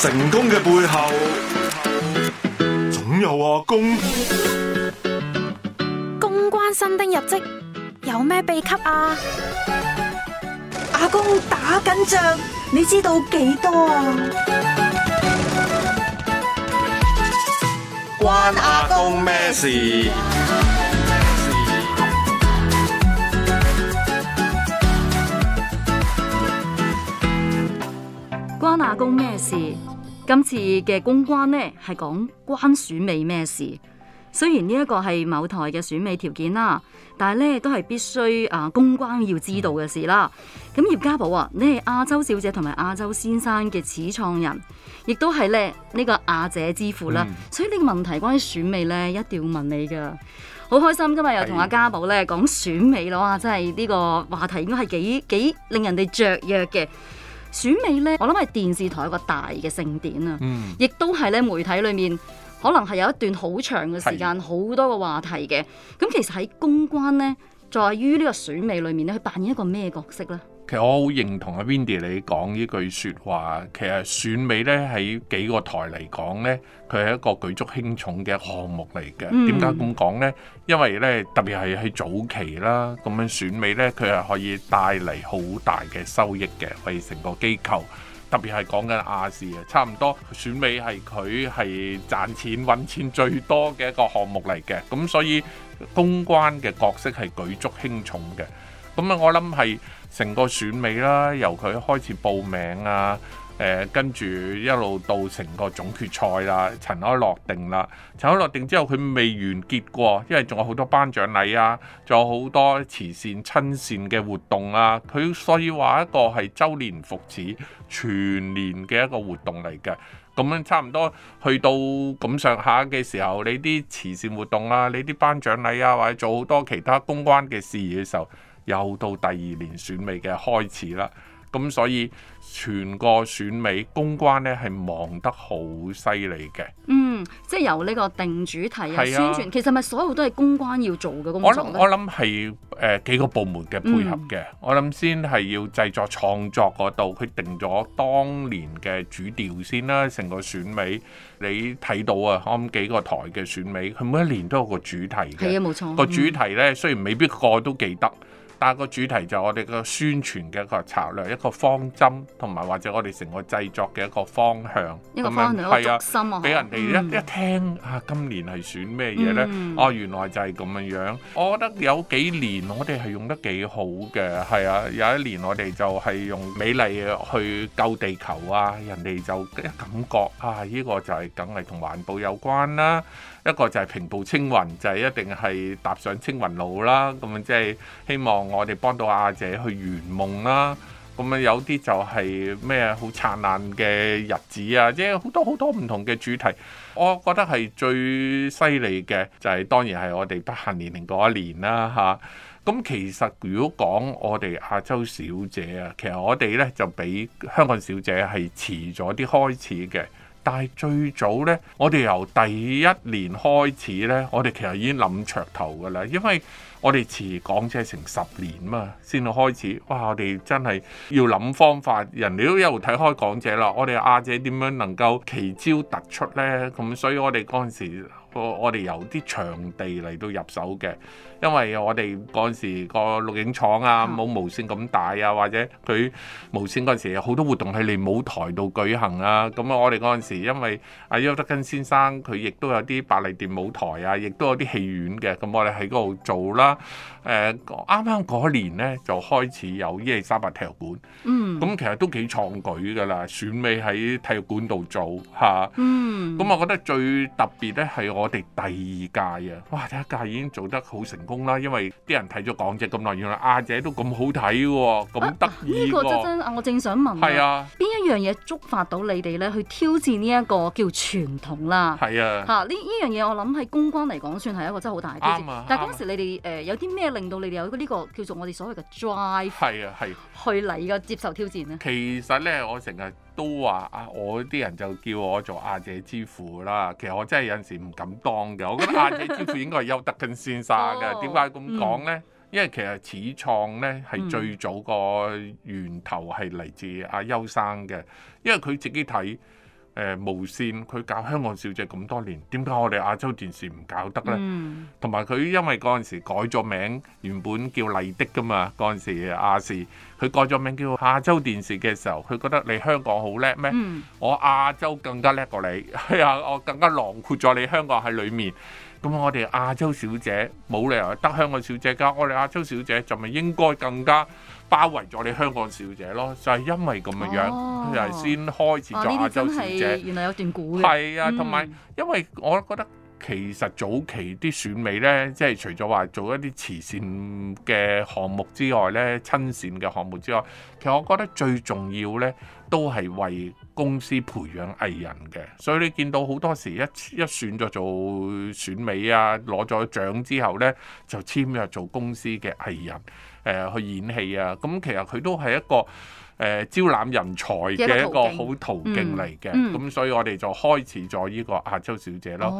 成功嘅背後，總有阿公。公關新丁入職，有咩秘笈啊？阿公打緊仗，你知道幾多啊？關阿公咩事？關阿公咩事？今次嘅公關呢係講關選美咩事？雖然呢一個係某台嘅選美條件啦，但係呢都係必須啊公關要知道嘅事啦。咁葉家寶啊，你係亞洲小姐同埋亞洲先生嘅始創人，亦都係咧呢、這個亞姐之父啦。嗯、所以呢個問題關於選美呢，一定要問你噶。好開心今日又同阿家寶呢講選美囉。啊，真係呢個話題應該係幾幾令人哋雀躍嘅。選美咧，我諗係電視台一個大嘅盛典啊，亦、嗯、都係咧媒體裏面可能係有一段好長嘅時間，好多個話題嘅。咁其實喺公關咧，在於呢個選美裏面咧，佢扮演一個咩角色咧？其實我好認同阿 Vindi 你講呢句説話，其實選美咧喺幾個台嚟講咧，佢係一個舉足輕重嘅項目嚟嘅。點解咁講呢？因為咧特別係喺早期啦，咁樣選美咧，佢係可以帶嚟好大嘅收益嘅，為成個機構。特別係講緊亞視啊，差唔多選美係佢係賺錢揾錢最多嘅一個項目嚟嘅。咁所以公關嘅角色係舉足輕重嘅。咁啊！我諗係成個選美啦，由佢開始報名啊，誒、呃、跟住一路到成個總決賽啦，塵埃落定啦。塵埃落定之後，佢未完結過，因為仲有好多頒獎禮啊，仲有好多慈善親善嘅活動啊。佢所以話一個係周年復始全年嘅一個活動嚟嘅。咁樣差唔多去到咁上下嘅時候，你啲慈善活動啊，你啲頒獎禮啊，或者做好多其他公關嘅事宜嘅時候，又到第二年選美嘅開始啦，咁所以全個選美公關呢係忙得好犀利嘅。嗯，即係由呢個定主題啊、啊宣傳，其實咪所有都係公關要做嘅工作我。我諗我諗係誒幾個部門嘅配合嘅，嗯、我諗先係要製作創作嗰度，佢定咗當年嘅主調先啦。成個選美你睇到啊，我諗幾個台嘅選美，佢每一年都有個主題嘅。係、啊、冇錯、個主題呢，嗯、雖然未必個個都記得。但個主題就係我哋個宣傳嘅一個策略、一個方針，同埋或者我哋成個製作嘅一個方向，一個方向係啊，俾、啊嗯、人哋一一聽啊，今年係選咩嘢咧？哦、啊，原來就係咁嘅樣。我覺得有幾年我哋係用得幾好嘅，係啊，有一年我哋就係用美麗去救地球啊，人哋就一感覺啊，呢、這個就係梗係同環保有關啦。一個就係平步青雲，就係、是、一定係踏上青雲路啦。咁啊，即係希望。我哋幫到阿姐去圓夢啦、啊，咁啊有啲就係咩好燦爛嘅日子啊，即係好多好多唔同嘅主題。我覺得係最犀利嘅就係、是、當然係我哋不限年齡嗰一年啦、啊、嚇。咁、啊嗯、其實如果講我哋亞洲小姐啊，其實我哋咧就比香港小姐係遲咗啲開始嘅，但係最早咧我哋由第一年開始咧，我哋其實已經諗噱頭噶啦，因為。我哋遲港姐成十年嘛，先開始，哇！我哋真係要諗方法，人哋都一路睇開港姐啦。我哋亞姐點樣能夠奇招突出呢？咁所以，我哋嗰陣時。我哋由啲場地嚟到入手嘅，因為我哋嗰陣時個錄影廠啊冇無線咁大啊，或者佢無線嗰陣時有好多活動喺你舞台度舉行啊。咁啊，我哋嗰陣時因為阿邱德根先生佢亦都有啲百麗店舞台啊，亦都有啲戲院嘅。咁我哋喺嗰度做啦。誒啱啱嗰年咧就開始有伊麗莎白體育館嗯。咁其實都幾創舉㗎啦，選美喺體育館度做吓嗯。咁我覺得最特別咧係。我哋第二屆啊，哇！第一屆已經做得好成功啦，因為啲人睇咗港姐咁耐，原來亞姐都咁好睇喎，咁得意，呢個真啊，我正想問，邊、啊、一樣嘢觸發到你哋咧去挑戰呢一個叫傳統啦？係啊，嚇呢呢樣嘢我諗喺公關嚟講算係一個真係好大嘅挑戰啊！啊但係嗰時你哋誒、呃、有啲咩令到你哋有呢個叫做我哋所謂嘅 drive 係啊係、啊啊、去嚟嘅接受挑戰咧、啊啊？其實咧，我成日。都話啊，我啲人就叫我做阿姐之父啦。其實我真係有陣時唔敢當嘅。我覺得阿姐之父應該係邱德根先生嘅。點解咁講呢？因為其實始創呢係最早個源頭係嚟自阿邱生嘅，因為佢自己睇。誒無線佢搞香港小姐咁多年，點解我哋亞洲電視唔搞得呢？同埋佢因為嗰陣時改咗名，原本叫麗的㗎嘛，嗰陣時亞視，佢改咗名叫亞洲電視嘅時候，佢覺得你香港好叻咩？嗯、我亞洲更加叻過你，係啊，我更加囊括咗你香港喺裏面。咁我哋亞洲小姐冇理由得香港小姐㗎，我哋亞洲小姐就咪應該更加。包圍咗你香港小姐咯，就係因為咁嘅樣、哦，係先開始咗亞洲小姐、哦。啊、原來有段古嘅。係啊，同埋、嗯、因為我覺得其實早期啲選美咧，即、就、係、是、除咗話做一啲慈善嘅項目之外咧，親善嘅項目之外，其實我覺得最重要咧，都係為公司培養藝人嘅。所以你見到好多時一一選咗做選美啊，攞咗獎之後咧，就簽約做公司嘅藝人。誒、呃，去演戲啊，咁、嗯、其實佢都係一個。誒招攬人才嘅一個好途徑嚟嘅，咁所以我哋就開始咗呢個亞洲小姐咯。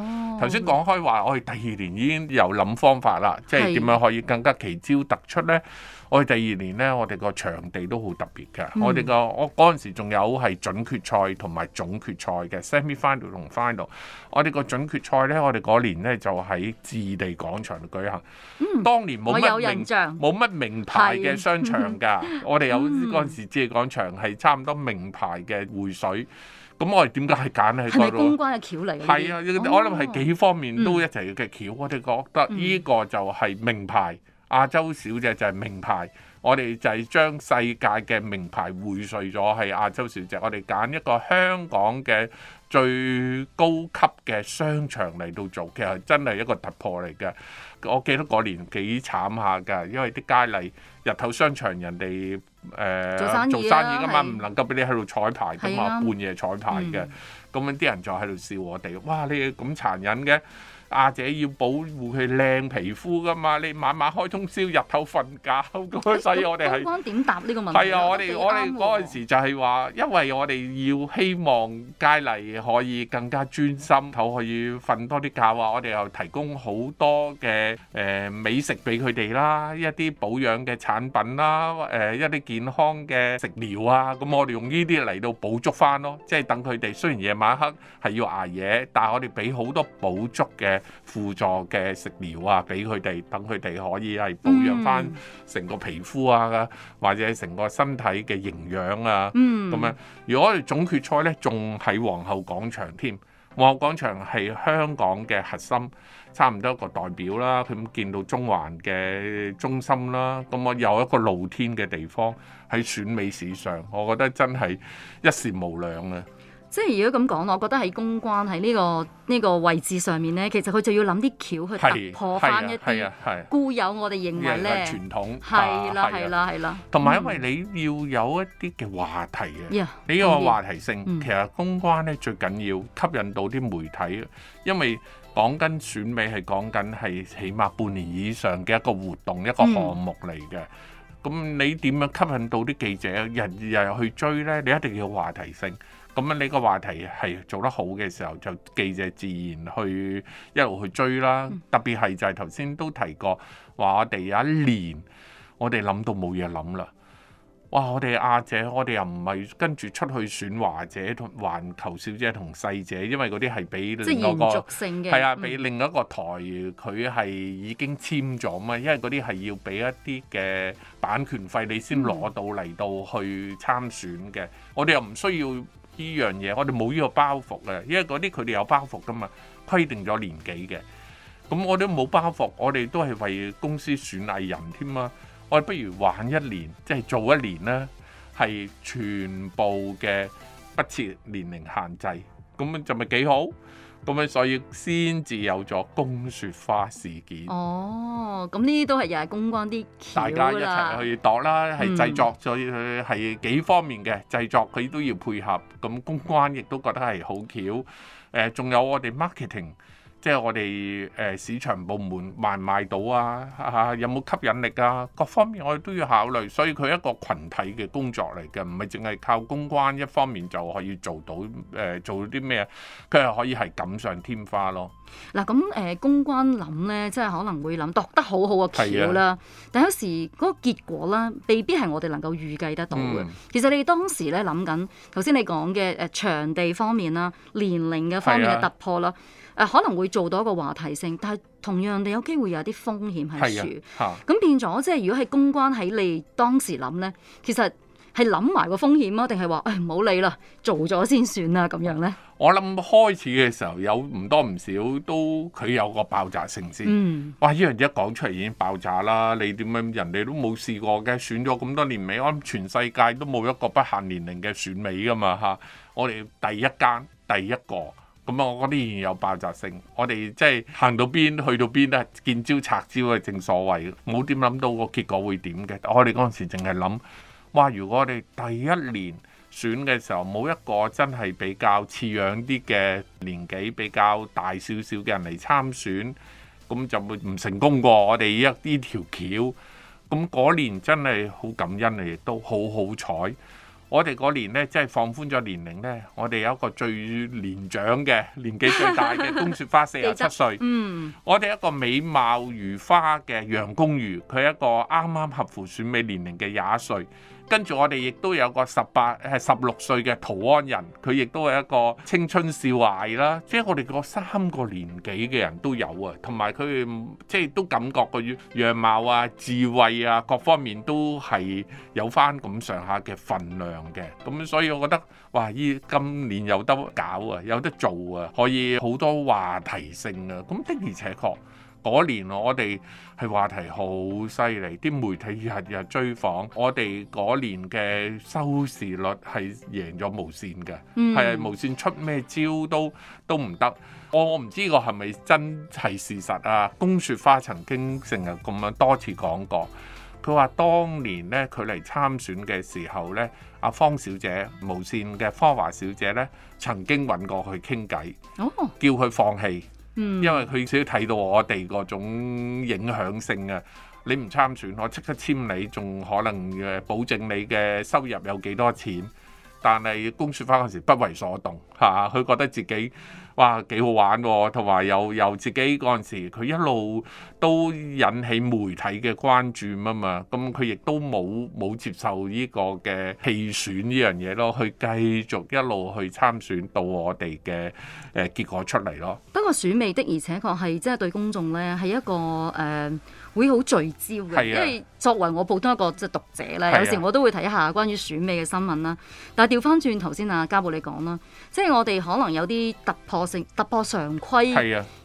頭先講開話，我哋第二年已經有諗方法啦，即係點樣可以更加奇招突出咧？我哋第二年咧，我哋個場地都好特別嘅，嗯。我哋個我陣時仲有係準決賽同埋總決賽嘅 semi final 同 final。我哋個準決賽咧，我哋嗰年咧就喺置地廣場度舉行。嗯、當年冇乜名，冇乜名牌嘅商場噶，的我哋有陣時即係廣場係差唔多名牌嘅匯水，咁我哋點解係揀喺嗰度？係咪公關嘅橋嚟？係啊，哦、我諗係幾方面都一齊嘅橋。嗯、我哋覺得呢個就係名牌，亞洲小姐就係名牌。我哋就係將世界嘅名牌匯水咗，係亞洲小姐。我哋揀一個香港嘅最高級嘅商場嚟到做，其實真係一個突破嚟嘅。我記得嗰年幾慘下噶，因為啲佳麗。日頭商場人哋誒、呃、做生意噶、啊、嘛，唔是能夠俾你喺度彩排噶嘛，的半夜彩排嘅。咁、嗯、樣啲人就喺度笑我哋，哇！你咁殘忍嘅。阿姐要保護佢靚皮膚㗎嘛？你晚晚開通宵，日頭瞓覺咁、欸、所以我哋係點答呢個問題、啊？係啊，我哋我哋嗰陣時就係話，因為我哋要希望佳麗可以更加專心，頭可以瞓多啲覺啊！我哋又提供好多嘅誒美食俾佢哋啦，一啲保養嘅產品啦，誒一啲健康嘅食療啊！咁我哋用呢啲嚟到補足返囉，即係等佢哋雖然夜晚黑係要捱夜，但係我哋俾好多補足嘅。輔助嘅食療啊，俾佢哋等佢哋可以係保養翻成個皮膚啊，mm. 或者成個身體嘅營養啊，咁、mm. 樣。如果係總決賽呢，仲喺皇后廣場添。皇后廣場係香港嘅核心，差唔多一個代表啦。咁見到中環嘅中心啦，咁我有一個露天嘅地方喺選美史上，我覺得真係一時無兩啊！即係如果咁講，我覺得喺公關喺呢個呢個位置上面呢，其實佢就要諗啲橋去突破翻一啲固有我哋認為傳統，係啦，係啦，係啦。同埋、嗯、因為你要有一啲嘅話題嘅，yeah, 你要話題性。Yeah, yeah, 其實公關呢，最緊要吸引到啲媒體，因為講緊選美係講緊係起碼半年以上嘅一個活動、嗯、一個項目嚟嘅。咁你點樣吸引到啲記者，人又去追呢？你一定要有話題性。咁樣呢個話題係做得好嘅時候，就記者自然去一路去追啦。特別係就係頭先都提過話，我哋有一年，我哋諗到冇嘢諗啦。哇！我哋亞姐，我哋又唔係跟住出去選華姐同環球小姐同細姐，因為嗰啲係俾另一個係、嗯、啊，俾另一個台佢係已經簽咗嘛。因為嗰啲係要俾一啲嘅版權費，你先攞到嚟到去參選嘅。我哋又唔需要。呢樣嘢，我哋冇呢個包袱嘅，因為嗰啲佢哋有包袱㗎嘛，規定咗年紀嘅。咁我哋冇包袱，我哋都係為公司選藝人添啊！我哋不如玩一年，即係做一年啦，係全部嘅不設年齡限制，咁就咪幾好？咁樣所以先至有咗公雪花事件。哦，咁呢啲都係又係公關啲橋啦。大家一齊去度啦，係製作，再係幾方面嘅、嗯、製作，佢都要配合。咁公關亦都覺得係好巧。誒、呃，仲有我哋 marketing。即係我哋誒市場部門賣唔賣到啊？啊，有冇吸引力啊？各方面我哋都要考慮，所以佢一個群體嘅工作嚟嘅，唔係淨係靠公關一方面就可以做到誒、呃、做到啲咩？佢係可以係錦上添花咯。嗱，咁誒公關諗呢，即係可能會諗讀得好好嘅橋啦。啊、但有時嗰個結果啦，未必係我哋能夠預計得到嘅。嗯、其實你當時咧諗緊頭先你講嘅誒場地方面啦、年齡嘅方面嘅突破啦。誒可能會做到一個話題性，但係同樣地有機會有啲風險喺度。係啊，嚇！咁變咗，即係如果係公關喺你當時諗咧，其實係諗埋個風險咯，定係話唔好理啦，做咗先算啦咁樣咧？我諗開始嘅時候有唔多唔少，都佢有個爆炸性先。嗯，哇！呢樣一講出嚟已經爆炸啦！你點樣人哋都冇試過嘅選咗咁多年尾，我諗全世界都冇一個不限年齡嘅選美噶嘛嚇！我哋第一間第一個。咁啊，我覺得仍然有爆炸性。我哋即係行到邊去到邊咧，見招拆招啊，正所謂。冇點諗到個結果會點嘅。我哋嗰陣時淨係諗，哇！如果我哋第一年選嘅時候冇一個真係比較似樣啲嘅年紀比較大少少嘅人嚟參選，咁就會唔成功過、那個。我哋呢條橋，咁嗰年真係好感恩亦都好好彩。我哋嗰年咧，即係放寬咗年齡咧。我哋有一個最年長嘅，年紀最大嘅龔雪花四十七歲，歲 嗯、我哋一個美貌如花嘅楊公瑜，佢係一個啱啱合乎選美年齡嘅廿一歲。跟住我哋亦都有個十八係十六歲嘅圖安人，佢亦都係一個青春少艾啦。即係我哋嗰三個年紀嘅人都有啊，同埋佢即係都感覺個樣貌啊、智慧啊各方面都係有返咁上下嘅份量嘅。咁所以我覺得哇！依今年有得搞啊，有得做啊，可以好多話題性啊。咁的而且確嗰年我哋。係話題好犀利，啲媒體日日追訪，我哋嗰年嘅收視率係贏咗無線嘅，係、嗯、無線出咩招都都唔得。我我唔知個係咪真係事實啊？龔雪花曾經成日咁樣多次講過，佢話當年呢，佢嚟參選嘅時候呢，阿方小姐無線嘅方華小姐呢，曾經揾過佢傾偈，叫佢放棄。哦。嗯、因為佢少睇到我哋嗰種影響性啊！你唔參選，我即刻簽你，仲可能誒保證你嘅收入有幾多錢，但係公説翻嗰時不為所動嚇，佢覺得自己。哇，幾好玩喎！同埋有有自己嗰陣時，佢一路都引起媒體嘅關注啊嘛，咁佢亦都冇冇接受呢個嘅棄選呢樣嘢咯，去繼續一路去參選到我哋嘅誒結果出嚟咯。不過選美的而且確係即係對公眾咧係一個誒、呃、會好聚焦嘅，係啊。因為。作為我普通一個即係讀者咧，啊、有時我都會睇一下關於選美嘅新聞啦。但係調翻轉頭先阿家寶你講啦，即係我哋可能有啲突破性、突破常規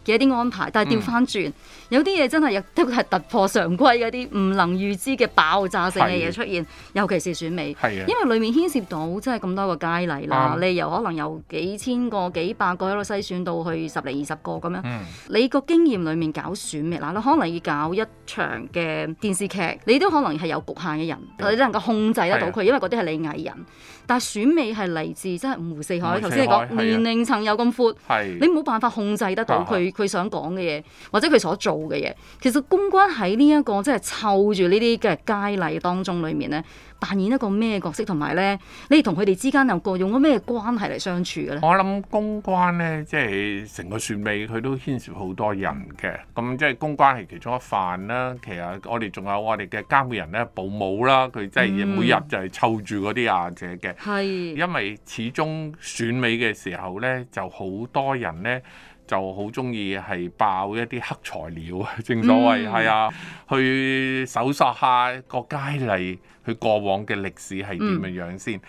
嘅一啲安排。啊、但係調翻轉，嗯、有啲嘢真係亦都係突破常規嗰啲唔能預知嘅爆炸性嘅嘢出現，是尤其是選美，啊、因為裡面牽涉到即係咁多個佳麗啦。啊、你由可能有幾千個、幾百個一路篩選到去十嚟二十個咁樣，嗯嗯、你個經驗裡面搞選美嗱，你可能要搞一場嘅電視劇。你都可能係有局限嘅人，你都能夠控制得到佢，是的 因為嗰啲係你藝人。是的 但選美係嚟自即係、就是、五湖四海，頭先你講是的 年齡層有咁闊，是的 你冇辦法控制得到佢佢是的 想講嘅嘢，是的 或者佢所做嘅嘢。其實公關喺呢一個即係湊住呢啲嘅佳麗當中裡面呢。扮演一個咩角色，同埋咧，你哋同佢哋之間有個用咗咩關係嚟相處嘅咧？我諗公關咧，即係成個選美佢都牽涉好多人嘅，咁即係公關係其中一範啦。其實我哋仲有我哋嘅監護人咧，保姆啦，佢即係每日就係湊住嗰啲阿姐嘅。係。嗯、因為始終選美嘅時候咧，就好多人咧就好中意係爆一啲黑材料，正所謂係、嗯、啊，去搜索下個佳麗。佢過往嘅歷史係點樣樣先？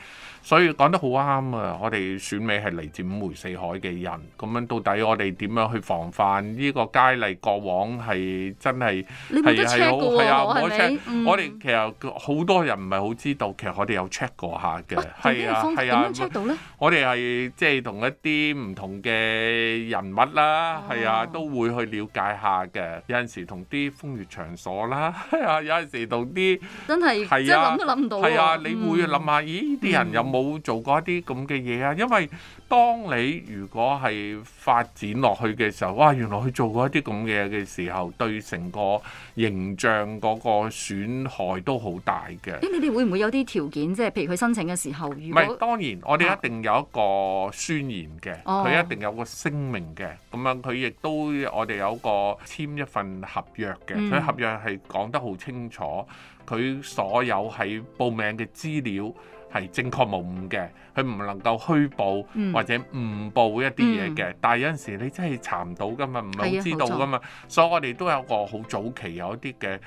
所以講得好啱啊！我哋選美係嚟自五湖四海嘅人，咁樣到底我哋點樣去防範呢個佳麗過往係真係係冇係啊，我哋其實好多人唔係好知道，其實我哋有 check 過下嘅，係啊，係啊。check 到咧，我哋係即係同一啲唔同嘅人物啦，係啊，都會去了解下嘅。有陣時同啲風月場所啦，係啊，有陣時同啲真係啊。諗都諗唔到。係啊，你會諗下，嗯、咦？啲人有冇做過一啲咁嘅嘢啊？因為當你如果係發展落去嘅時候，哇！原來佢做過一啲咁嘅嘢嘅時候，對成個形象嗰個損害都好大嘅。咁你哋會唔會有啲條件？即係譬如佢申請嘅時候，唔係當然，我哋一定有一個宣言嘅，佢、啊、一定有個聲明嘅。咁樣佢亦都我哋有個簽一份合約嘅，佢、嗯、合約係講得好清楚。佢所有喺報名嘅資料係正確無誤嘅。佢唔能夠虛報或者誤報一啲嘢嘅，嗯、但係有陣時你真係查唔到噶嘛，唔係好知道噶嘛，的所以我哋都有個好早期有一啲嘅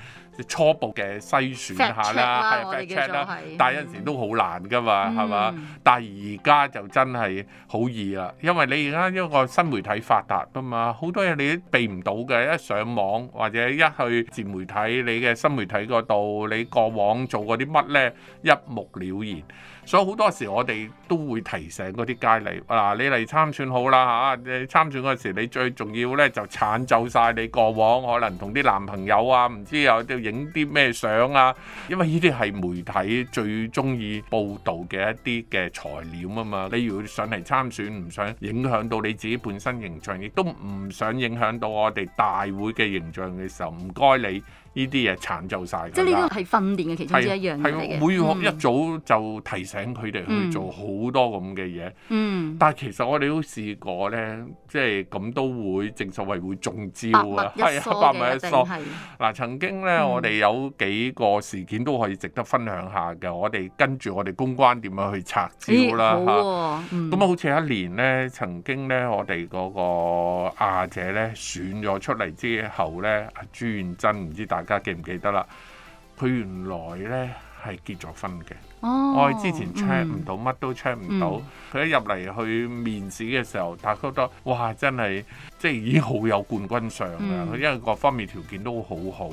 初步嘅篩選下啦，係啊，check 啦，但係有陣時都好難噶嘛，係嘛？但係而家就真係好易啦，因為你而家一個新媒體發達噶嘛，好多嘢你都避唔到嘅，一上網或者一去自媒體你嘅新媒體嗰度，你過往做過啲乜咧一目了然。所以好多時我哋都會提醒嗰啲佳麗，嗱，你嚟參選好啦嚇，你參選嗰時你最重要呢就鏟走晒你過往可能同啲男朋友啊，唔知有又影啲咩相啊，因為呢啲係媒體最中意報道嘅一啲嘅材料啊嘛。你如果上嚟參選唔想影響到你自己本身形象，亦都唔想影響到我哋大會嘅形象嘅時候，唔該你。呢啲嘢殘舊晒，即係呢個係訓練嘅其中一,一樣嚟嘅。每日一早就提醒佢哋去做好多咁嘅嘢。嗯嗯、但係其實我哋都試過咧，即係咁都會正所謂會中招啊。係啊，百密一疏嗱，曾經咧，嗯、我哋有幾個事件都可以值得分享下嘅。我哋跟住我哋公關點樣去拆招啦吓。咁、欸哦嗯、啊，好似一年咧，曾經咧，我哋嗰個亞姐咧選咗出嚟之後咧，朱元珍唔知大家記唔記得啦？佢原來咧係結咗婚嘅，哦、我哋之前 check 唔到，乜、嗯、都 check 唔到。佢、嗯、一入嚟去面試嘅時候，大家覺得哇，真係即係已經好有冠軍相啦。佢、嗯、因為各方面條件都好好，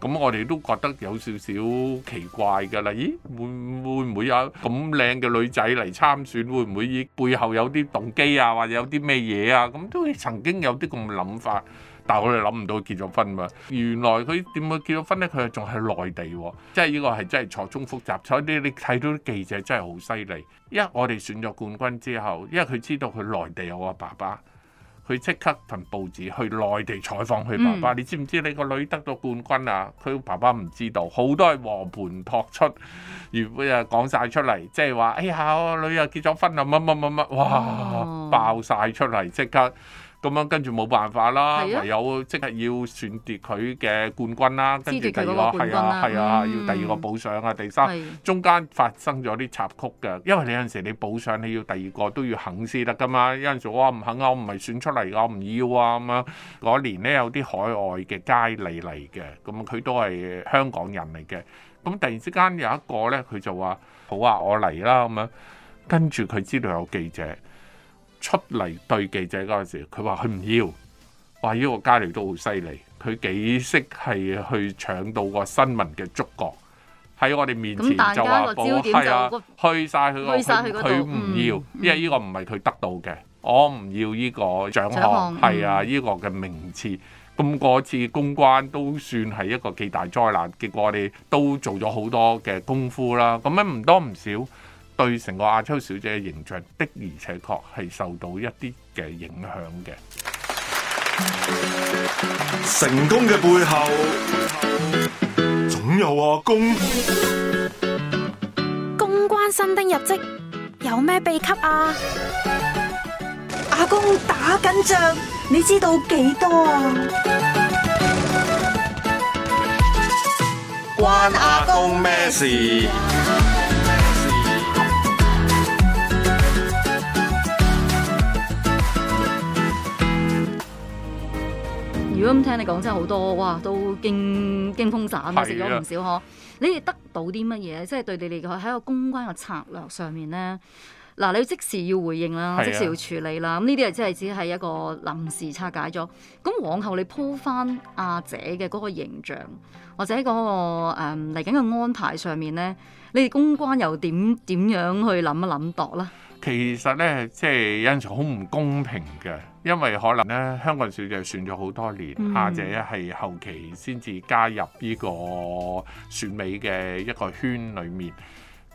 咁我哋都覺得有少少奇怪噶啦。咦，會會唔會有咁靚嘅女仔嚟參選？會唔會以背後有啲動機啊？或者有啲咩嘢啊？咁都曾經有啲咁嘅諗法。但係我哋諗唔到結咗婚嘛？原來佢點會結咗婚咧？佢仲係內地喎、哦，即係呢個係真係錯綜複雜。所以你你睇到啲記者真係好犀利。因為我哋選咗冠軍之後，因為佢知道佢內地有個爸爸，佢即刻份報紙去內地採訪佢爸爸。嗯、你知唔知你個女得到冠軍啊？佢爸爸唔知道，好多係和盤托出，如果又講晒出嚟，即係話：哎呀，我女又結咗婚啊！乜乜乜乜，哇，哦、爆晒出嚟，即刻。咁樣跟住冇辦法啦，啊、唯有即係要選奪佢嘅冠軍啦，軍啦跟住第二個係啊係、嗯、啊，要第二個補上啊，第三、嗯、中間發生咗啲插曲嘅，因為你有陣時你補上你要第二個都要肯先得噶嘛，有陣時我唔肯，我唔係選出嚟，我唔要啊咁樣。嗰年咧有啲海外嘅佳麗嚟嘅，咁佢都係香港人嚟嘅，咁突然之間有一個咧佢就話好啊，我嚟啦咁樣，跟住佢知道有記者。出嚟對記者嗰陣時，佢話佢唔要，話呢、呢個佳麗都好犀利，佢幾識係去搶到個新聞嘅觸覺喺我哋面前就話，我係、嗯、啊，去晒佢個佢唔要，因為呢個唔係佢得到嘅，我唔要呢個獎項，係啊，呢個嘅名次。咁、那、嗰、個、次公關都算係一個幾大災難，結果我哋都做咗好多嘅功夫啦，咁樣唔多唔少。對成個亞秋小姐嘅形象的而且確係受到一啲嘅影響嘅。成功嘅背後，總有阿公。公關新丁入職，有咩秘笈啊？阿公打緊仗，你知道幾多啊？關阿公咩事？如果咁聽你講，真係好多哇，都驚驚風散啊，蝕咗唔少呵。你哋得到啲乜嘢？即係對你哋喺喺個公關嘅策略上面咧，嗱，你要即時要回應啦，的即時要處理啦。咁呢啲係即係只係一個臨時拆解咗。咁往後你鋪翻阿姐嘅嗰個形象，或者嗰、誒個嚟緊嘅安排上面咧，你哋公關又點點樣去諗一諗度咧？其實咧，即係有陣時好唔公平嘅。因為可能咧，香港小姐選咗好多年，阿姐係後期先至加入呢個選美嘅一個圈裡面。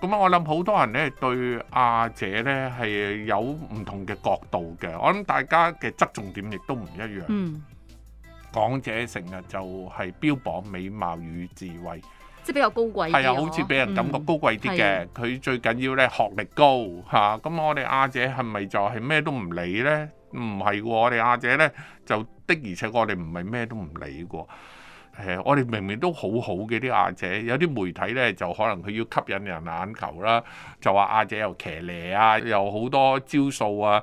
咁啊，我諗好多人咧對阿姐咧係有唔同嘅角度嘅。我諗大家嘅側重點亦都唔一樣。港姐成日就係標榜美貌與智慧，即係比較高貴，係啊，好似俾人感覺高貴啲嘅。佢最緊要咧學歷高吓。咁我哋阿姐係咪就係咩都唔理咧？唔係喎，我哋阿姐呢，就的確的，而且我哋唔係咩都唔理喎。我哋明明都好好嘅啲阿姐，有啲媒體呢，就可能佢要吸引人眼球啦，就話阿姐又騎呢啊，又好多招數啊。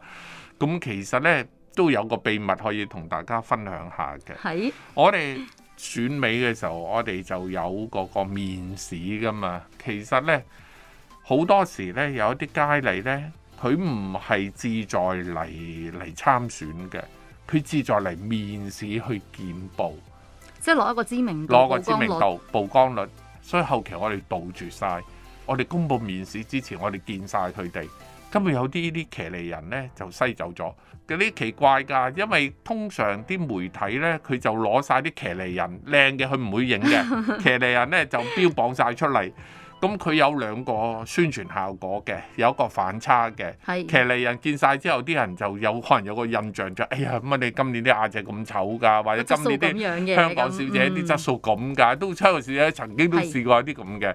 咁、嗯、其實呢，都有個秘密可以同大家分享下嘅。係我哋選美嘅時候，我哋就有嗰個，個面試㗎嘛。其實呢，好多時呢，有一啲佳麗呢，佢唔係志在嚟嚟參選嘅，佢志在嚟面試去見報，即係攞一個知名度、攞個知名度曝光率。所以後期我哋杜絕晒，我哋公佈面試之前，我哋見晒佢哋。今日有啲啲騎呢人呢就篩走咗，嗰啲奇怪㗎，因為通常啲媒體呢，佢就攞晒啲騎呢人靚嘅佢唔會影嘅，騎呢 人呢就標榜晒出嚟。 咁佢有兩個宣傳效果嘅，有一個反差嘅。騎呢是人見晒之後，啲人就有可能有個印象就是，哎呀，咁你今年啲亞姐咁醜㗎，或者今年啲香港小姐啲質素咁㗎，嗯、都香港小姐曾經都試過一啲咁嘅。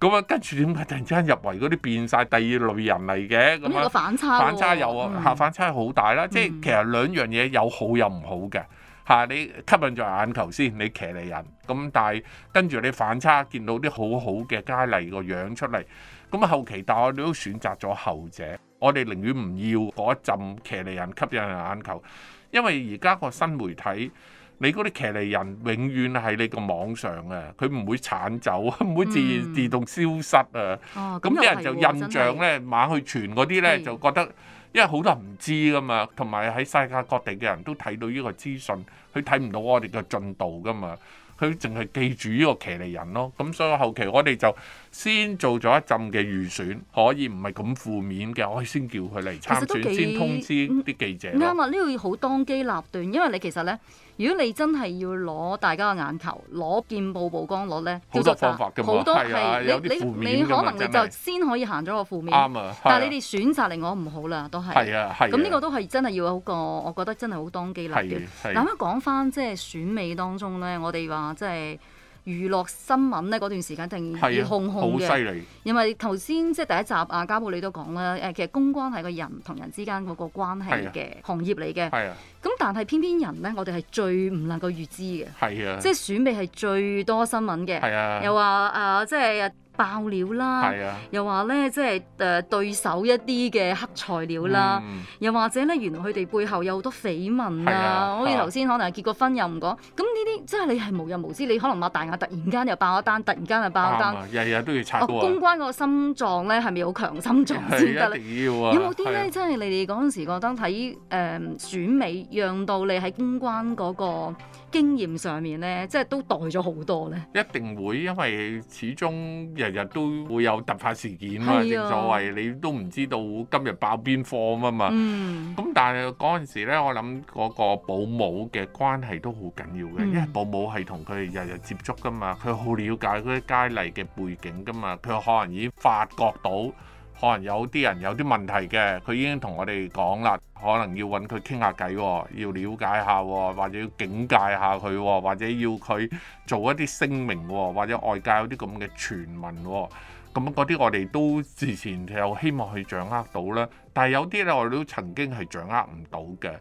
咁啊是，跟住點解突然之間入圍嗰啲變晒第二類人嚟嘅？咁反差、哦、反差有啊，嗯、下反差好大啦。嗯、即係其實兩樣嘢有好有唔好嘅。吓、啊！你吸引咗眼球先，你騎呢人咁，但係跟住你反差，見到啲好好嘅佳麗個樣出嚟，咁、嗯、後期但我哋都選擇咗後者。我哋寧願唔要嗰一陣騎呢人吸引眼球，因為而家個新媒體，你嗰啲騎呢人永遠喺你個網上啊，佢唔會鏟走，唔 會自、嗯、自動消失啊。咁、嗯、啲、嗯、是人就印象咧，猛去是傳嗰啲咧，就覺得。因為好多人唔知噶嘛，同埋喺世界各地嘅人都睇到呢個資訊，佢睇唔到我哋嘅進度噶嘛，佢淨係記住呢個騎呢人咯，咁所以後期我哋就。先做咗一陣嘅預選，可以唔係咁負面嘅，我先叫佢嚟參選，先通知啲記者。啱啊，呢個要好當機立斷，因為你其實咧，如果你真係要攞大家嘅眼球，攞見報曝光率咧，好多方法㗎嘛，好多係你你你可能你就先可以行咗個負面。啱啊，但係你哋選擇嚟我唔好啦，都係。係啊，係。咁呢個都係真係要有個，我覺得真係好當機立斷。咁樣講翻即係選美當中咧，我哋話即係。娛樂新聞咧嗰段時間定係熱烘烘嘅，啊、好犀利，因為頭先即係第一集啊，家寶你都講啦，誒其實公關係個人同人之間嗰個關係嘅行業嚟嘅，咁、啊、但係偏偏人咧，我哋係最唔能夠預知嘅，啊、即係選美係最多新聞嘅，啊、又話誒即係。呃即係爆料啦，啊、又話咧，即係誒對手一啲嘅黑材料啦，嗯、又或者咧，原來佢哋背後有好多緋聞啊！啊好似頭先可能係結過婚又唔講，咁呢啲即係你係無人無知，你可能擘大眼，突然間又爆一單，突然間又爆一單，日日都要擦多、啊啊、公關個心臟咧，係咪好強心臟先得？啊、有冇啲咧，即係、啊、你哋嗰陣時覺得睇誒、嗯、選美，讓到你喺公關嗰、嗰個？經驗上面咧，即係都代咗好多咧。一定會，因為始終日日都會有突發事件嘛啊，正所謂你都唔知道今日爆邊貨啊嘛。咁、嗯、但係嗰陣時咧，我諗嗰個保姆嘅關係都好緊要嘅，嗯、因為保姆係同佢日日接觸㗎嘛，佢好了解嗰啲佳麗嘅背景㗎嘛，佢可能已經發覺到。可能有啲人有啲問題嘅，佢已經同我哋講啦，可能要揾佢傾下偈，要了解下，或者要警戒下佢，或者要佢做一啲聲明，或者外界有啲咁嘅傳聞，咁嗰啲我哋都之前就希望去掌握到啦。但係有啲呢，我哋都曾經係掌握唔到嘅。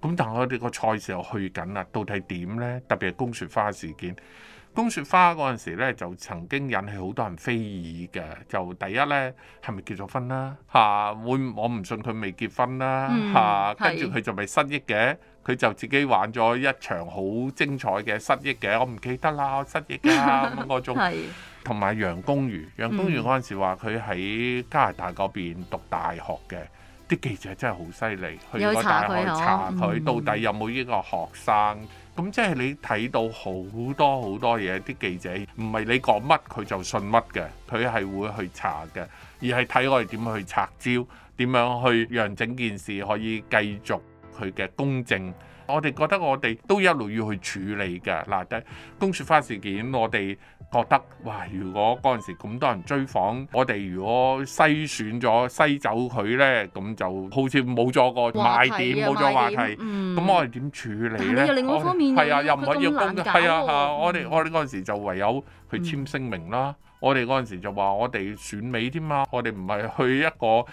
咁但係我哋個賽事又去緊啦，到底係點呢？特別係公雪花事件。宮雪花嗰陣時咧，就曾經引起好多人非議嘅。就第一咧，係咪結咗婚啦？吓、啊，會我唔信佢未結婚啦。吓，跟住佢就未失憶嘅，佢就自己玩咗一場好精彩嘅失憶嘅。我唔記得啦，失憶啊咁個種。係。同埋楊恭如，楊恭如嗰陣時話佢喺加拿大嗰邊讀大學嘅。啲記者真係好犀利，去個大學查佢到底有冇呢個學生。咁即係你睇到好多好多嘢，啲記者唔係你講乜佢就信乜嘅，佢係會去查嘅，而係睇我哋點去拆招，點樣去讓整件事可以繼續佢嘅公正。我哋覺得我哋都一路要去處理㗎。嗱，就宮雪花事件，我哋覺得哇，如果嗰陣時咁多人追訪，我哋如果篩選咗篩走佢咧，咁就好似冇咗個賣點，冇咗話、啊、話題。咁、嗯、我哋點處理咧、啊啊？我哋嗰陣時就唯有去簽聲明啦。嗯嗯我哋嗰陣時就話我哋選美添嘛，我哋唔係去一個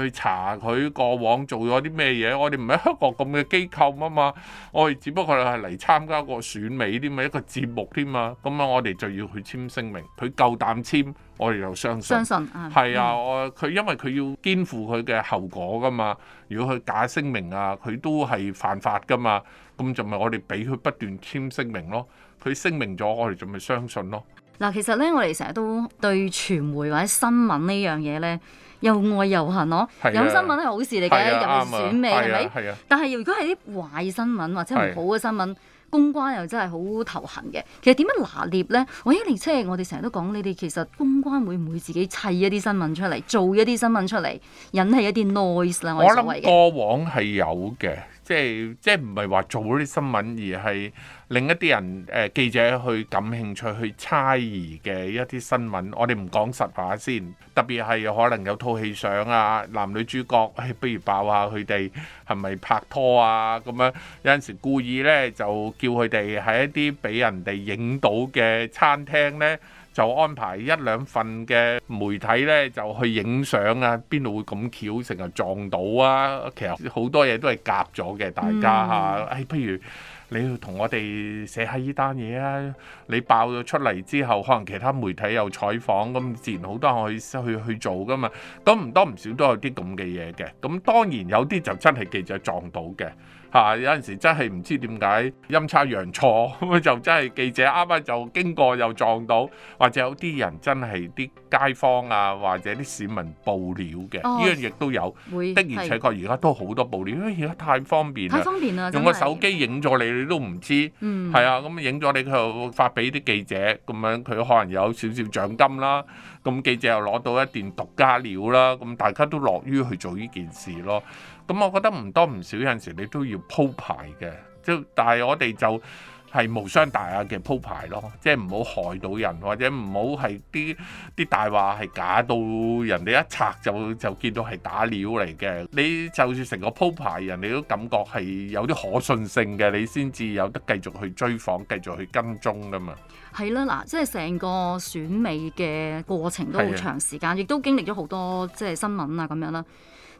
去去查佢過往做咗啲咩嘢，我哋唔係一個咁嘅機構啊嘛，我哋只不過係嚟參加個選美添嘛，一個節目添嘛，咁啊我哋就要去簽聲明，佢夠膽簽，我哋就相信，相信係啊，我佢因為佢要肩負佢嘅後果噶嘛，如果佢假聲明啊，佢都係犯法噶嘛，咁就咪我哋俾佢不斷簽聲明咯，佢聲明咗，我哋就咪相信咯。嗱，其實咧，我哋成日都對傳媒或者新聞呢樣嘢咧又愛又恨咯。啊、有新聞係好事嚟嘅，有面、啊、選美係咪？但係如果係啲壞新聞或者唔好嘅新聞，啊、公關又真係好頭痕嘅。其實點樣拿捏咧？我一年即係我哋成日都講呢啲，其實公關會唔會自己砌一啲新聞出嚟，做一啲新聞出嚟，引起一啲 noise 咧？我諗過往係有嘅。即係即係唔係話做嗰啲新聞，而係另一啲人誒、呃、記者去感興趣、去猜疑嘅一啲新聞。我哋唔講實話先，特別係可能有套戲相啊，男女主角，哎、不如爆下佢哋係咪拍拖啊咁樣。有陣時故意呢，就叫佢哋喺一啲俾人哋影到嘅餐廳呢。就安排一兩份嘅媒體呢，就去影相啊。邊度會咁巧成日撞到啊？其實好多嘢都係夾咗嘅，大家嚇。誒，嗯，哎，不如你同我哋寫下呢單嘢啊。你爆咗出嚟之後，可能其他媒體有採訪，咁自然好多可以去去去做㗎嘛。咁唔多唔少都有啲咁嘅嘢嘅。咁當然有啲就真係記者撞到嘅。嚇、啊！有陣時真係唔知點解陰差陽錯咁 就真係記者啱啱就經過又撞到，或者有啲人真係啲街坊啊，或者啲市民報料嘅，呢、哦、樣亦都有。會的而且確而家都好多報料。因唉，而家太方便，太方便啦！用個手機影咗你，你都唔知。嗯。係啊，咁影咗你佢發俾啲記者，咁樣佢可能有少少獎金啦。咁記者又攞到一段獨家料啦。咁大家都樂於去做呢件事咯。咁我覺得唔多唔少有陣時你都要鋪排嘅，即但係我哋就係無傷大雅嘅鋪排咯，即係唔好害到人，或者唔好係啲啲大話係假到人哋一拆就就見到係打料嚟嘅。你就算成個鋪排，人哋都感覺係有啲可信性嘅，你先至有得繼續去追訪、繼續去跟蹤㗎嘛。係啦，嗱，即係成個選美嘅過程都好長時間，亦的都經歷咗好多即係新聞啊咁樣啦。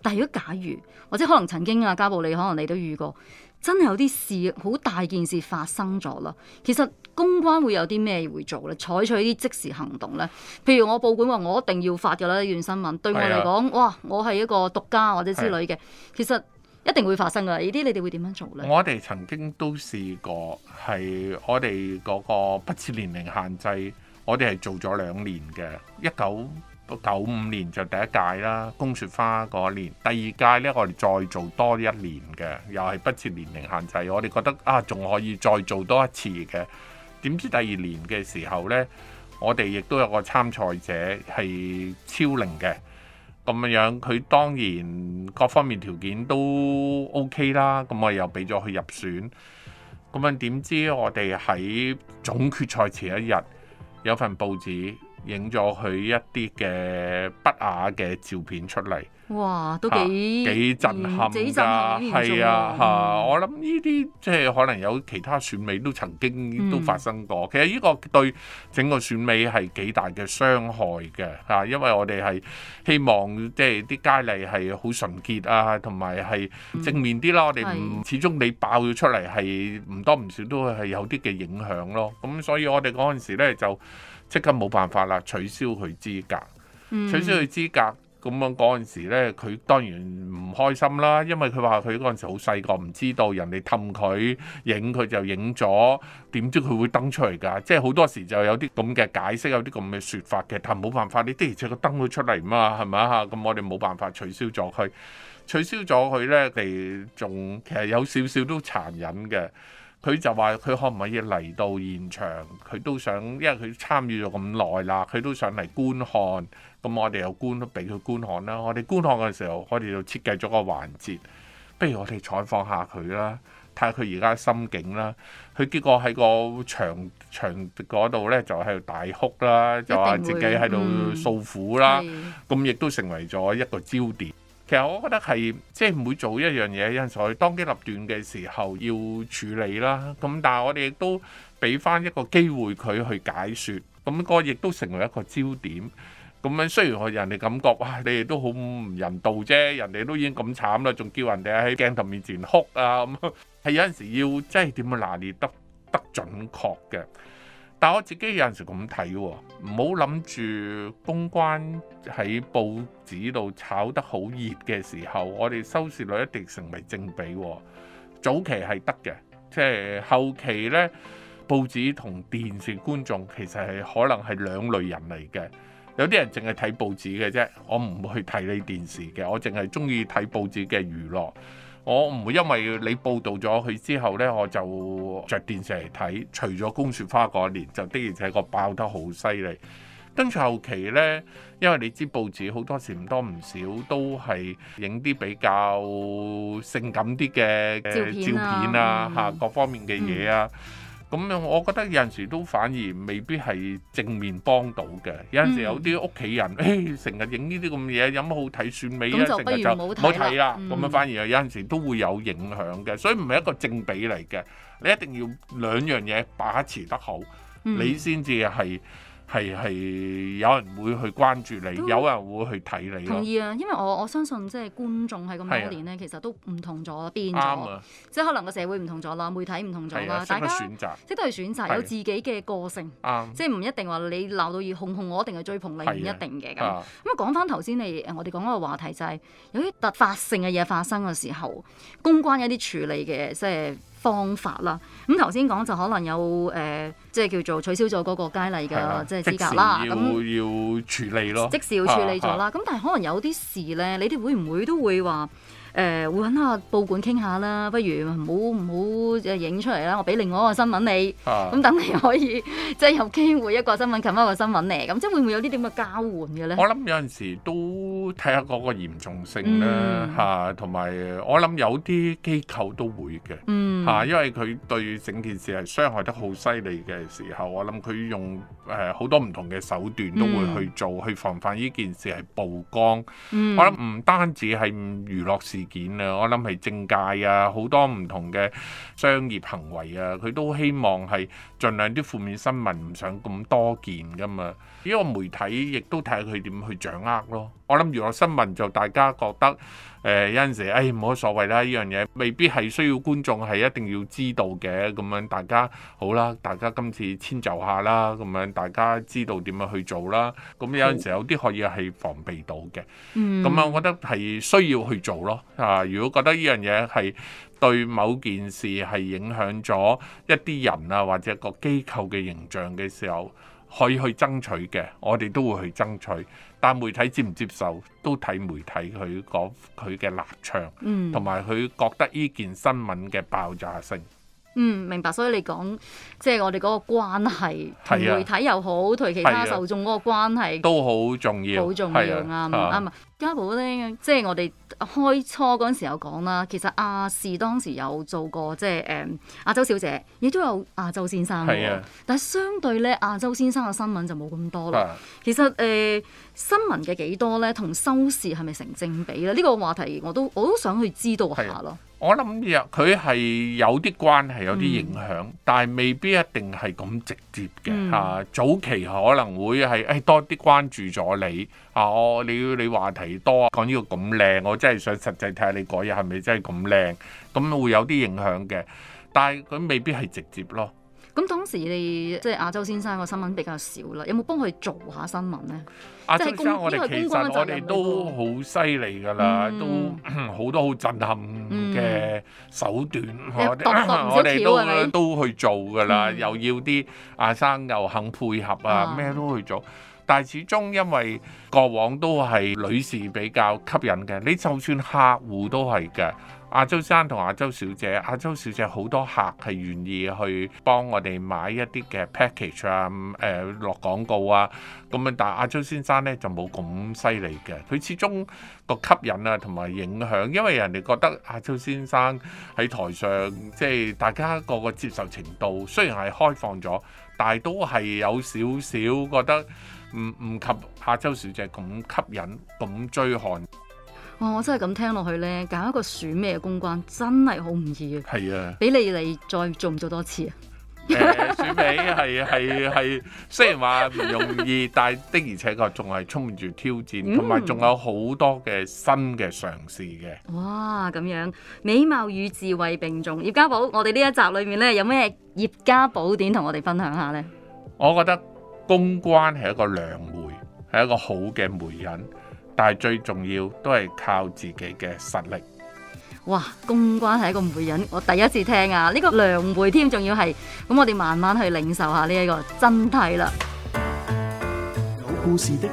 但如果假如或者可能曾經啊，家暴，你可能你都遇過，真係有啲事好大件事發生咗啦。其實公關會有啲咩會做咧？採取啲即時行動咧，譬如我報館話我一定要發噶啦，呢段新聞，對我嚟講，的哇，我係一個獨家或者之類嘅，其實一定會發生噶。呢啲你哋會點樣做咧？我哋曾經都試過，係我哋嗰個不設年齡限制，我哋係做咗兩年嘅一九。到九五年就第一屆啦，公雪花嗰年，第二屆呢，我哋再做多一年嘅，又係不設年齡限制，我哋覺得啊仲可以再做多一次嘅。點知第二年嘅時候呢，我哋亦都有個參賽者係超齡嘅，咁樣樣佢當然各方面條件都 OK 啦，咁我又俾咗佢入選。咁樣點知我哋喺總決賽前一日有份報紙。影咗佢一啲嘅不雅嘅照片出嚟。哇，都幾震撼，幾震撼，啊，係啊吓，嗯啊！我諗呢啲即係可能有其他選美都曾經都發生過。嗯，其實呢個對整個選美係幾大嘅傷害嘅吓，啊，因為我哋係希望即係啲佳麗係好純潔啊，同埋係正面啲啦。嗯，我哋唔是始終你爆咗出嚟係唔多唔少都係有啲嘅影響咯。咁所以我哋嗰陣時咧就即刻冇辦法啦，取消佢資格，取消佢資格。嗯咁樣嗰陣時咧，佢當然唔開心啦，因為佢話佢嗰陣時好細個，唔知道人哋氹佢影佢就影咗，點知佢會登出嚟㗎？即係好多時就有啲咁嘅解釋，有啲咁嘅説法嘅。但係冇辦法，你的而且確登咗出嚟嘛，係咪啊？咁我哋冇辦法取消咗佢，取消咗佢咧，佢仲其實有少少都殘忍嘅。佢就話佢可唔可以嚟到現場？佢都想，因為佢參與咗咁耐啦，佢都想嚟觀看。咁我哋又觀都俾佢觀看啦。我哋觀看嘅時候，我哋就設計咗個環節，不如我哋採訪下佢啦，睇下佢而家心境啦。佢結果喺個牆牆嗰度咧，就喺度大哭啦，就話自己喺度訴苦啦。咁亦、嗯、都成為咗一個焦點。其實我覺得係即係唔會做一樣嘢，有陣時當機立斷嘅時候要處理啦。咁但係我哋亦都俾翻一個機會佢去解説，咁、嗰個亦都成為一個焦點。咁樣雖然我人哋感覺哇、啊，你哋都好唔人道啫，人哋都已經咁慘啦，仲叫人哋喺鏡頭面前哭啊，係 有陣時要即係點樣拿捏得得準確嘅。但我自己有陣時咁睇喎，唔好諗住公關喺報紙度炒得好熱嘅時候，我哋收視率一定成為正比、哦。早期係得嘅，即係後期呢，報紙同電視觀眾其實係可能係兩類人嚟嘅。有啲人淨係睇報紙嘅啫，我唔會去睇你電視嘅，我淨係中意睇報紙嘅娛樂。我唔會因為你報道咗佢之後呢，我就着電視嚟睇。除咗公雪花嗰年，就的而且確爆得好犀利。跟住後期呢，因為你知報紙好多時唔多唔少，都係影啲比較性感啲嘅照片啊，嚇、啊嗯、各方面嘅嘢啊。嗯咁樣我覺得有陣時都反而未必係正面幫到嘅。有陣時有啲屋企人，誒成日影呢啲咁嘢，有乜、哎、好睇算美啊？成日、嗯、就冇睇啦。咁、嗯、樣反而有陣時都會有影響嘅。所以唔係一個正比嚟嘅。你一定要兩樣嘢把持得好，嗯、你先至係。係係有人會去關注你，有人會去睇你。同意啊，因為我我相信即係觀眾喺咁多年咧，其實都唔同咗，變咗。即係可能個社會唔同咗啦，媒體唔同咗啦，大家選擇，即都係選擇，有自己嘅個性。即係唔一定話你鬧到要紅紅我，一定係追捧你，唔一定嘅咁。咁啊，講翻頭先，你我哋講嗰個話題就係有啲突發性嘅嘢發生嘅時候，公關一啲處理嘅即係。方法啦，咁頭先講就可能有誒、呃，即係叫做取消咗嗰個佳麗嘅即係資格啦。咁會要，那要處理咯，即時要處理咗啦。咁、啊啊、但係可能有啲事咧，你哋會唔會都會話？誒，揾、呃、下報館傾下啦，不如唔好唔好影出嚟啦。我俾另外一個新聞你，咁等、啊、你可以即係、就是、有機會一個新聞，冚一個新聞咧，咁即係會唔會有啲點嘅交換嘅咧？我諗有陣時都睇下嗰個嚴重性啦，嚇、嗯，同埋、啊、我諗有啲機構都會嘅，嚇、嗯啊，因為佢對整件事係傷害得好犀利嘅時候，我諗佢用誒好多唔同嘅手段都會去做、嗯、去防範呢件事係曝光。嗯、我諗唔單止係娛樂事件啊，我諗係政界啊，好多唔同嘅商業行為啊，佢都希望係盡量啲負面新聞唔想咁多件噶嘛。呢個媒體亦都睇下佢點去掌握咯。我諗娛樂新聞就大家覺得誒有陣時，誒冇乜所謂啦。呢樣嘢未必係需要觀眾係一定要知道嘅咁樣，大家好啦，大家今次遷就下啦，咁樣大家知道點樣去做啦。咁有陣時有啲可以係防備到嘅，咁啊，我覺得係需要去做咯。啊，如果覺得呢樣嘢係對某件事係影響咗一啲人啊，或者個機構嘅形象嘅時候，可以去爭取嘅，我哋都會去爭取。但媒體接唔接受，都睇媒體佢佢嘅立場，同埋佢覺得呢件新聞嘅爆炸性。嗯，明白。所以你講即係我哋嗰個關係，啊、媒體又好，同其他受眾嗰個關係，啊、都好重要，好重要啊，啱唔啱啊？家寶咧，即係我哋開初嗰陣時候有講啦，其實亞視當時有做過，即係誒亞洲小姐，亦都有亞洲先生嘅。啊、但係相對咧，亞洲先生嘅新聞就冇咁多啦。啊、其實誒、呃、新聞嘅幾多咧，同收視係咪成正比咧？呢、呢個話題我都我都想去知道下咯、啊。我諗佢係有啲關係，有啲影響，嗯、但係未必一定係咁直接嘅。嗯、啊，早期可能會係誒、哎、多啲關注咗你啊，我你你，你，你話題。多講呢個咁靚，我真係想實際睇下你改嘢係咪真係咁靚，咁會有啲影響嘅，但係佢未必係直接咯。咁當時你即係、就是、亞洲先生個新聞比較少啦，有冇幫佢做下新聞咧？亞洲先生，我哋其實官官我哋都好犀利㗎啦，嗯、都好多好震撼嘅手段，我哋都是是都去做㗎啦，又要啲阿生又肯配合啊，咩、啊、都去做。但始終因為過往都係女士比較吸引嘅，你就算客戶都係嘅。亞洲先生同亞洲小姐，亞洲小姐好多客係願意去幫我哋買一啲嘅 package 啊，誒落廣告啊。咁樣，但係亞洲先生呢就冇咁犀利嘅，佢始終個吸引啊同埋影響，因為人哋覺得亞洲先生喺台上，即係大家個個接受程度雖然係開放咗，但係都係有少少覺得。唔唔及亞洲小姐咁吸引，咁追看。哇！我真係咁聽落去呢，搞一個選美公關真係好唔易啊！係啊，俾你嚟，再做唔做多次啊？呃、選美係係係，雖然話唔容易，但係的而且確仲係充滿住挑戰，同埋仲有好多嘅新嘅嘗試嘅。哇！咁樣美貌與智慧並重，葉家寶，我哋呢一集裏面呢，有咩葉家寶典同我哋分享下呢？我覺得。公關係一個良媒，係一個好嘅媒人，但係最重要都係靠自己嘅實力。哇！公關係一個媒人，我第一次聽啊，呢個良媒添，仲要係，咁我哋慢慢去領受下呢一個真諦啦。有故事的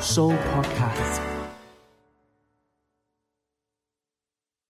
Show Podcast。